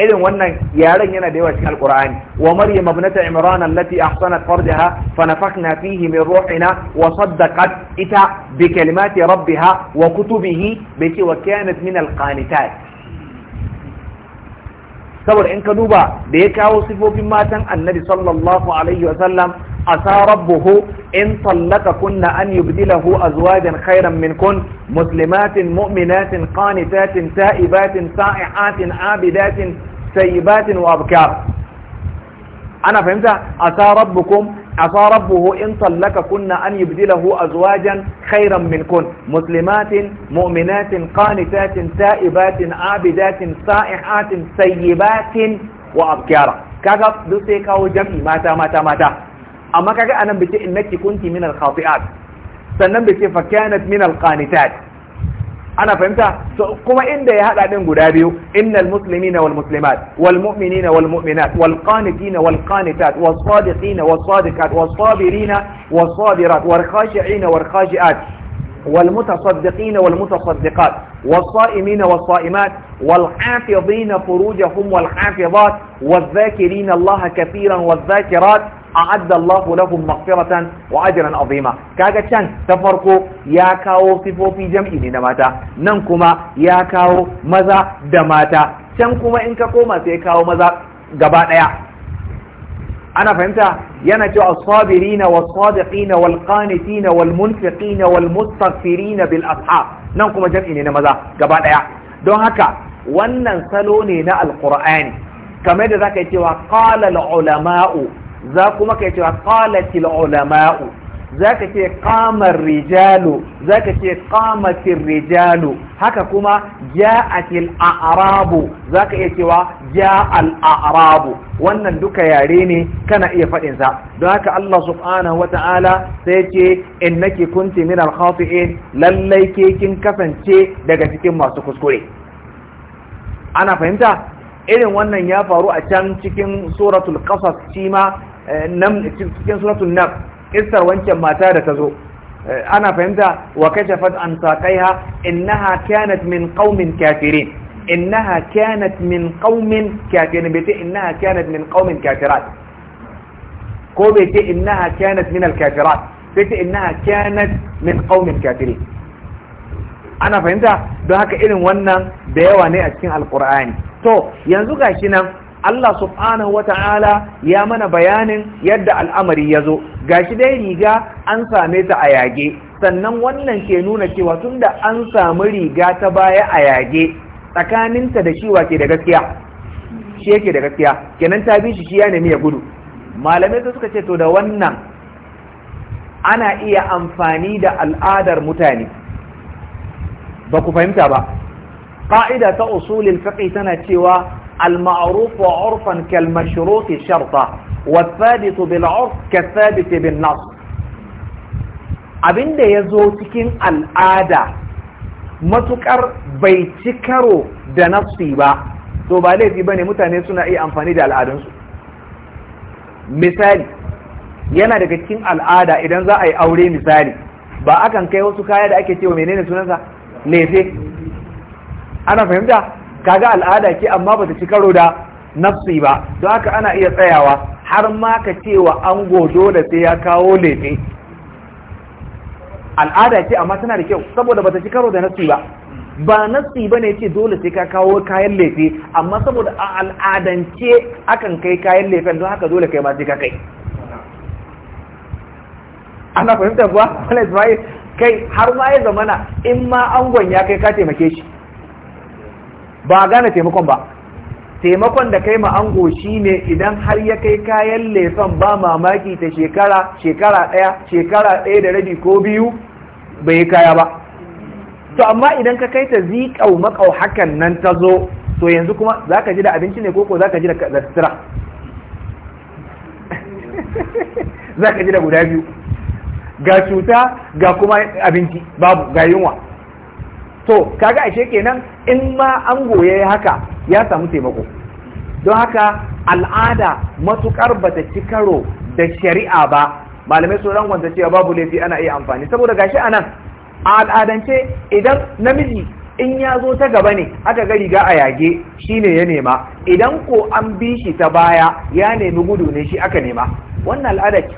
irin wannan yaren yana da yawa cikin alkur'ani wa maryam ibnata imran allati ahsanat farjaha fa nafakhna fihi min ruhina wa saddaqat ita bi kalimati rabbiha wa kutubihi bi wa kanat min alqanitat saboda in ka duba da ya kawo sifofin matan annabi sallallahu alaihi wasallam asa rabbuhu in tallaka kunna an yubdilahu azwajan khairan minkun muslimatin mu'minatin qanitatin ta'ibatin sa'ihatin abidatin sayyibatin wa abkar ana fahimta asa rabbukum A عصى ربه إن طلقكن أن يبدله أزواجا خيرا منكن مسلمات مؤمنات قانتات تائبات عابدات سائحات سيبات وأبكارا kaga duk sai kawo jam'i mata mata mata amma kaga anan bace innaki kunti min alkhati'at sannan bace fa kanat min alqanitat أنا فهمت كما إن ده هذا من غدابيو إن المسلمين والمسلمات والمؤمنين والمؤمنات والقانتين والقانتات والصادقين والصادقات والصابرين والصابرات والخاشعين والخاشئات والمتصدقين والمتصدقات والصائمين والصائمات والحافظين فروجهم والحافظات والذاكرين الله كثيرا والذاكرات a'adda Allahu lahum maghfiratan wa ajran azima kaga can ta farko ya kawo sifofi jam'i ne na mata nan kuma ya kawo maza da mata can kuma in ka koma sai kawo maza gaba daya ana fahimta yana cewa as-sabirina was-sadiqina wal-qanitina wal-munfiqina wal-mustaghfirina bil ashab nan kuma jam'i ne na maza gaba daya don haka wannan salo ne na alqur'ani kamar da zaka yi cewa qala al-ulama'u za kuma ka cewa ƙalatil ulama'u za ka ce qamar rijalu za ka ce ƙamatin rijalu haka kuma ja'atil a'rabu za ka iya cewa ja'al a'rabu wannan duka yare ne kana iya faɗin sa don haka Allah subhanahu sai ce innaki kunti minal khati'in lallai ke kin kasance daga cikin masu kuskure ana fahimta irin wannan ya faru a can cikin suratul qasas shi ma Eh, nam cikin suratul nam kissar wancan mata da ta zo eh, ana fahimta wa kashafat an saqaiha innaha kanat min qaumin kafirin innaha kanat min qaumin kafirin bai ce innaha kanat min qaumin kafirat ko bai ce innaha kanat min al-kafirat bai ce innaha kanat min qaumin kafirin ana fahimta don haka irin wannan da yawa ne a cikin alkur'ani to yanzu gashi nan Allah subhanahu wata'ala ya mana bayanin yadda al'amari ya zo gashi dai riga an same ta a yage sannan wannan ke nuna cewa tunda an samu riga ta baya a yage tsakaninta da shi ke da gaskiya shi yake da gaskiya kenan ta bi shi shi ya nemi ya gudu malamai su suka ce to da wannan ana iya amfani da al'adar mutane ba ku fahimta ba ƙa'ida ta usulin faƙi tana cewa المعروف عرفا كالمشروط شرطة والثابت بالعرف كالثابت بالنص abin da ya zo cikin al'ada matukar bai ci karo da nasi ba to ba laifi ba ne mutane suna iya amfani da al'adunsu misali yana daga cikin al'ada idan za a yi aure misali ba akan kai wasu kaya da ake cewa menene sunansa lefe ana fahimta kaga al'ada ce amma ba ta ci karo da nafsi ba don haka ana iya tsayawa har ma ka cewa an godo da sai ya kawo lefe al'ada ce amma tana da kyau saboda ba ta ci karo da nafsi ba ba nafsi ba ne ce dole sai ka kawo kayan lefe amma saboda a al'adance akan kai kayan lefen don haka dole kai ma sai ka kai ana fahimta ba wani kai har ma ya zamana in ma angon ya kai ka taimake shi ba a gane taimakon ba taimakon da kai ma'ango shi ne idan har ya kai kayan lefan ba mamaki ta shekara shekara ɗaya shekara ɗaya da rabi ko biyu bai yi kaya ba to amma idan ka kai ta zikau makau hakan nan ta zo to yanzu kuma za ka ji da abinci ne koko za ka ji da sutura za ka ji da guda biyu ga cuta ga kuma abinci babu ga yunwa to kaga ashe kenan in ma an goye haka ya samu taimako don haka al'ada matukar bata ci karo da shari'a ba malamai sun rangwanta cewa babu laifi ana iya amfani saboda gashi anan a al'adance idan namiji in ya zo ta gaba ne aka ga riga a yage shi ne ya nema idan ko an bi shi ta baya ya nemi gudu ne shi aka nema wannan al'ada ce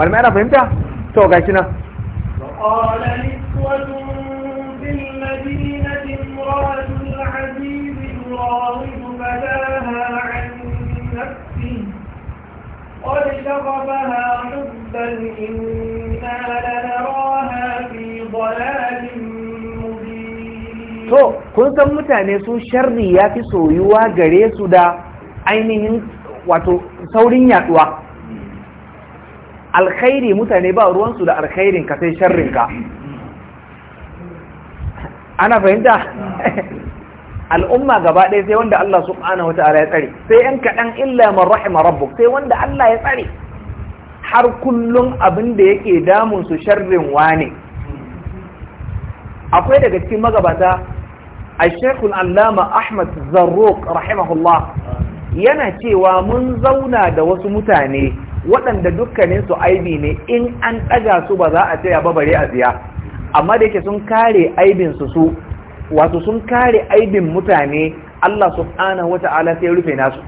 malamai ana fahimta to gashi nan في امرأة العزيز فداها عن نفسه قد حبا إنا لنراها في ضلال To, kun san mutane sun sharri ya fi soyuwa gare su da ainihin wato saurin yaduwa. Alkhairi mutane ba ruwansu da alkhairin ka sai sharrinka. ana fahimta al'umma gaba ɗaya sai wanda Allah subhanahu ta'ala ya tsare sai yan kaɗan illa man rahima rabbuk sai wanda Allah ya tsare har kullum abin da yake damun su sharrin wane akwai daga cikin magabata a العلامة allama Ahmad رحمه rahimahullah yana cewa mun zauna da wasu mutane waɗanda dukkaninsu aibi ne in an ɗaga su ba za a taya ba bare a siya amma da yake sun kare aibin su su wato sun kare aibin mutane Allah subhanahu wata'ala sai rufe nasu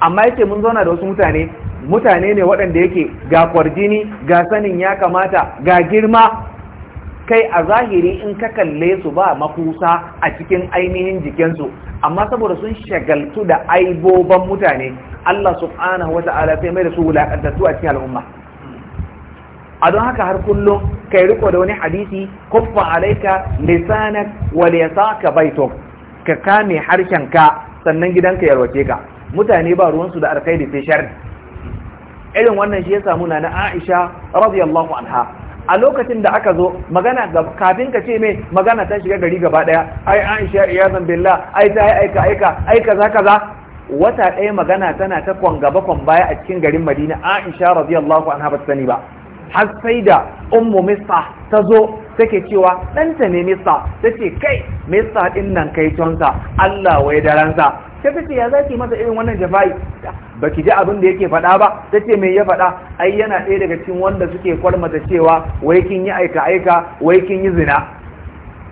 amma yake mun zauna da wasu mutane mutane ne waɗanda yake ga kwarjini ga sanin ya kamata ga girma kai a zahiri in ka kalle su ba makusa a cikin ainihin jikinsu amma saboda sun shagaltu da aiboban mutane Allah subhanahu wata'ala sai mai da su wulakantattu a cikin al'umma a don haka har kullum kai riko da wani hadisi kuffa alaika lisanak wa liyasaka baytuk ka kame harshen ka sannan gidanka yarwace ka mutane ba ruwan su da alkhairi sai shar irin wannan shi ya samu na na Aisha radiyallahu anha a lokacin da aka zo magana kafin ka ce mai magana ta shiga gari gaba daya ai Aisha iyazan billah ai ta aika aika ai kaza kaza wata ɗaya magana tana ta kwan gaba kwan baya a cikin garin Madina Aisha radiyallahu anha ba ta sani ba har sai da ummu mista ta zo take cewa ɗanta ne mista ta ce kai mista ɗin nan kai tonsa Allah wai daransa ta ce ya zaki masa irin wannan jafa'i ba ki ji abin da yake faɗa ba ta ce mai ya faɗa ai yana ɗaya daga cikin wanda suke kwarmata cewa wai kin yi aika aika wai kin yi zina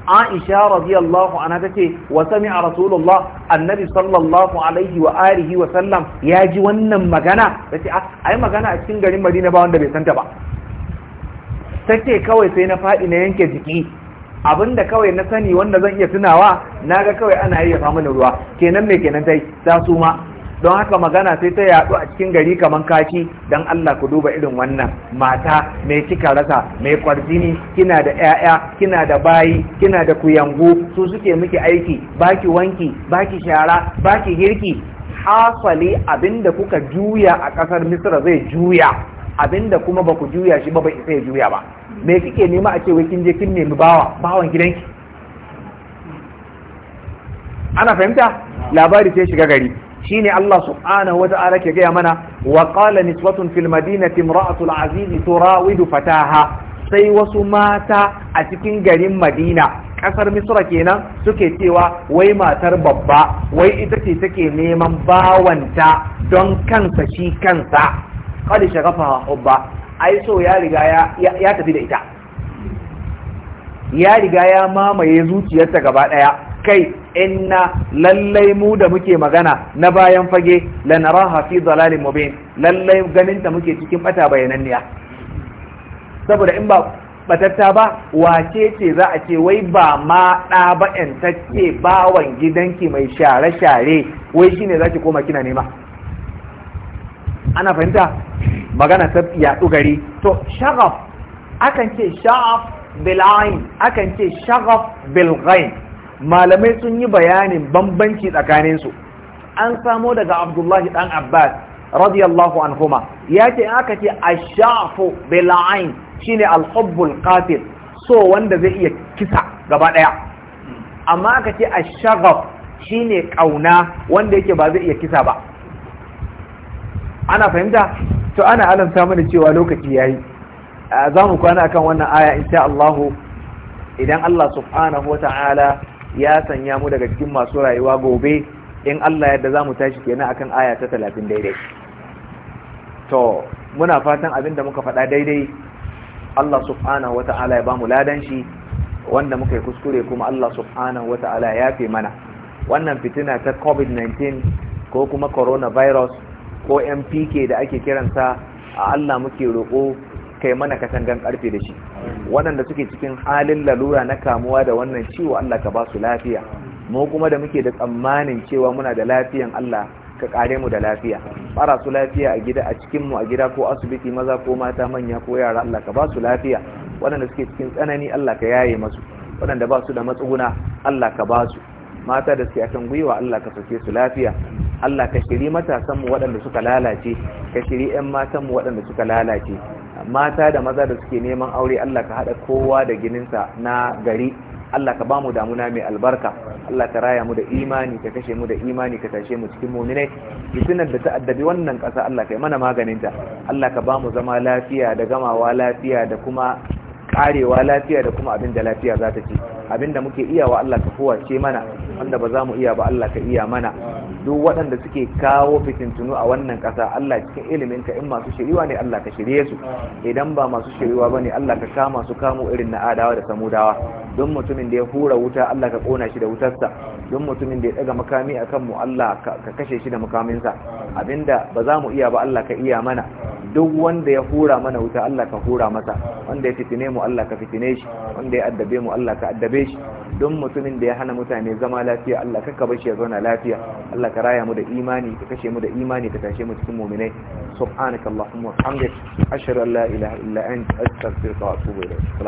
Aisha radiyallahu anha tace wa sami'a Rasulullah annabi sallallahu alaihi wa alihi wa sallam ya ji wannan magana tace ah, ai magana a cikin garin Madina ba wanda bai santa ba ta ce kawai sai na faɗi na yanke jiki abinda kawai na sani wanda zan iya tunawa na ga kawai ana iya samu da ruwa kenan mai kenan tai ta suma don haka magana sai ta yaɗu a cikin gari kamar kaki don Allah ku duba irin wannan mata mai kika rasa mai kwarjini kina da 'ya'ya kina da bayi kina da kuyangu su suke miki aiki baki wanki baki shara baki girki hasali abinda kuka juya a ƙasar misra zai juya abinda kuma ba ku juya shi ba bai isa ya juya ba me kike nema a ce wai kin je kin nemi bawa bawan gidanki ana fahimta labari sai shiga gari shine Allah subhanahu wa ke gaya mana wa qala niswatun fil madinati Azizi, aziz turawidu fataha sai wasu mata a cikin garin Madina kasar Misra kenan suke cewa wai matar babba wai ita ce take neman bawanta don kansa shi kansa qad shagafaha hubba ai so ya riga ya tafi da ita ya riga ya mamaye zuciyarta gaba daya kai inna lallai mu da muke magana na bayan fage lanara fi dalalin mubin lallai ganinta muke cikin bata bayananniya saboda in ba batatta ba wace ce za a ce wai ba ma ɗa ba ƴantacce bawan gidanki mai share-share wai shine za ki koma kina nema ana fahimta magana ta yaɗu gari to shagaf akan ce sha'af bilain akan ce shagaf bil malamai sun yi bayanin bambanci tsakaninsu an samo daga abdullahi dan abbas radiyallahu anhuma ya ce aka ce ashafu bil ain shine al hubbul qatil so wanda zai iya kisa gaba ɗaya. amma aka ce ashghaf shine ƙauna wanda yake ba zai iya kisa ba ana fahimta to ana alamta mana cewa lokaci yayi za mu kwana akan wannan aya insha Allah idan Allah subhanahu wata'ala ya sanya mu daga cikin masu rayuwa gobe in Allah yadda za mu tashi kenan akan aya ta talatin daidai to muna fatan abinda muka faɗa daidai Allah subhanahu wata'ala ya bamu mu ladan shi wanda muka yi kuskure kuma Allah subhanahu wata'ala ya fi mana wannan fitina ta covid-19 ko kuma coronavirus ko mpk da ake kiransa a allah muke roƙo kai mana katangan karfe da shi waɗanda suke cikin halin lalura na kamuwa da wannan ciwo allah ka ba su lafiya mu kuma da muke da tsammanin cewa muna da lafiyan allah ka kare mu da lafiya fara su lafiya a gida a cikin mu a gida ko asibiti maza ko mata manya ko yara Allah ka ba su lafiya waɗanda suke cikin tsanani Allah ka yaye masu waɗanda ba su da matsuguna Allah ka ba su mata da suke akan gwiwa Allah ka sake su lafiya Allah ka shiri matasanmu waɗanda suka lalace ka shiri 'yan matan mu waɗanda suka lalace mata da maza da suke neman aure Allah ka haɗa kowa da gininsa na gari Allah ka ba bamu damuna mai albarka Allah ka raya mu da imani ka kashe mu da imani ka tashe mu cikin mu'minai fitinar da ta addabi wannan ƙasa Allah ka yi mana maganinta Allah ka ba mu zama lafiya da gamawa lafiya da kuma karewa lafiya da kuma abin da lafiya za ta ce da muke iya wa Allah ka kowace mana wanda ba za mu iya ba Allah ka iya mana duk waɗanda suke kawo fitintunu a wannan ƙasa Allah cikin ilimin ka in masu shiriwa ne Allah ka shirye su idan ba masu shiriwa bane Allah ka kama su kamo irin na adawa da samudawa don mutumin da ya hura wuta Allah ka kona shi da wutarsa don mutumin da ya daga makami akan mu Allah ka kashe shi da makaminsa abinda ba za mu iya ba Allah ka iya mana duk wanda ya hura mana wuta Allah ka hura masa wanda ya fitine mu Allah ka fitine shi wanda ya addabe mu Allah ka addabe shi don mutumin da ya hana mutane zama lafiya Allah ka kaba shi ya zauna lafiya Allah ka raya mu da imani ka kashe mu da imani ka tashe mu cikin mu'minai subhanakallahumma wa bihamdika ashhadu an la ilaha illa anta astaghfiruka wa atubu ilayk